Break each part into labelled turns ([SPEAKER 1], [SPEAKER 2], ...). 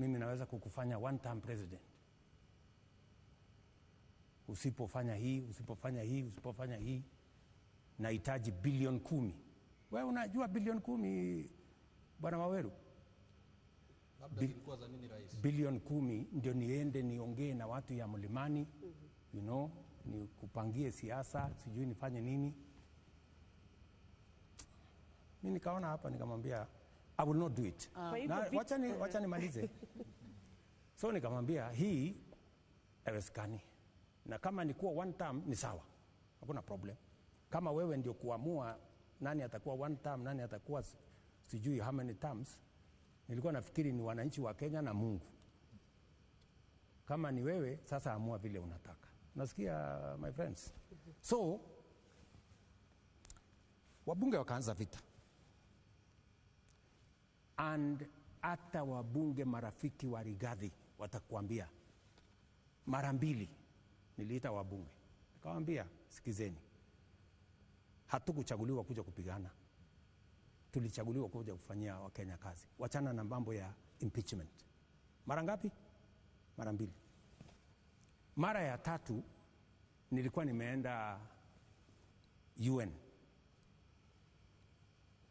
[SPEAKER 1] mimi naweza kukufanya one term president usipofanya hii, usipofanya hii, usipofanya hii, nahitaji bilioni kumi. Wewe unajua bilioni kumi, bwana Waweru? Bilioni kumi ndio niende niongee na watu ya mlimani, mhm. you know, nikupangie siasa, sijui nifanye nini. Mi nikaona hapa nikamwambia I will not do it. Ah. Wacha wacha nimalize. So nikamwambia hii haiwezekani, na kama ni kuwa one term ni sawa, hakuna problem. Kama wewe ndio kuamua nani atakuwa one term, nani atakuwa sijui how many terms. Nilikuwa nafikiri ni wananchi wa Kenya na Mungu. Kama ni wewe sasa, amua vile unataka. nasikia my friends? So wabunge wakaanza vita and hata wabunge marafiki wa Rigathi watakuambia mara mbili. Niliita wabunge nikawaambia, sikizeni, hatukuchaguliwa kuja kupigana, tulichaguliwa kuja kufanyia Wakenya kazi. Wachana na mambo ya impeachment. Mara ngapi? Mara mbili. Mara ya tatu nilikuwa nimeenda UN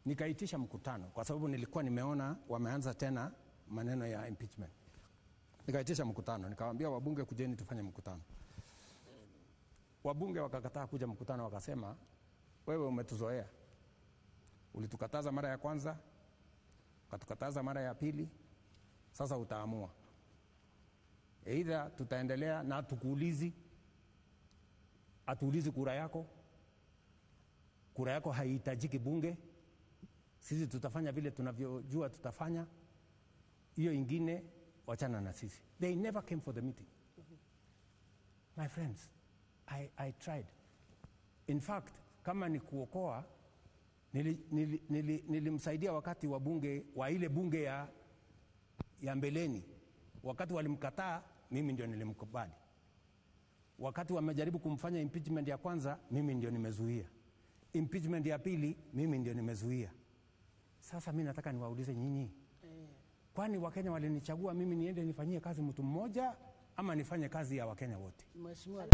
[SPEAKER 1] Nikaitisha mkutano kwa sababu nilikuwa nimeona wameanza tena maneno ya impeachment. Nikaitisha mkutano, nikawaambia wabunge, kujeni tufanye mkutano. Wabunge wakakataa kuja mkutano, wakasema wewe umetuzoea, ulitukataza mara ya kwanza, ukatukataza mara ya pili, sasa utaamua eidha tutaendelea na tukuulizi, atuulizi kura yako, kura yako haihitajiki bunge sisi tutafanya vile tunavyojua tutafanya, hiyo ingine wachana na sisi. They never came for the meeting. My friends, I, I tried. In fact, kama ni kuokoa nilimsaidia nili, nili, nili wakati wa bunge wa ile bunge ya, ya mbeleni, wakati walimkataa mimi ndio nilimkubali. Wakati wamejaribu kumfanya impeachment ya kwanza, mimi ndio nimezuia. Impeachment ya pili, mimi ndio nimezuia. Sasa mi nataka niwaulize nyinyi, kwani Wakenya walinichagua mimi niende nifanyie kazi mtu mmoja ama nifanye kazi ya Wakenya wote? Mheshimiwa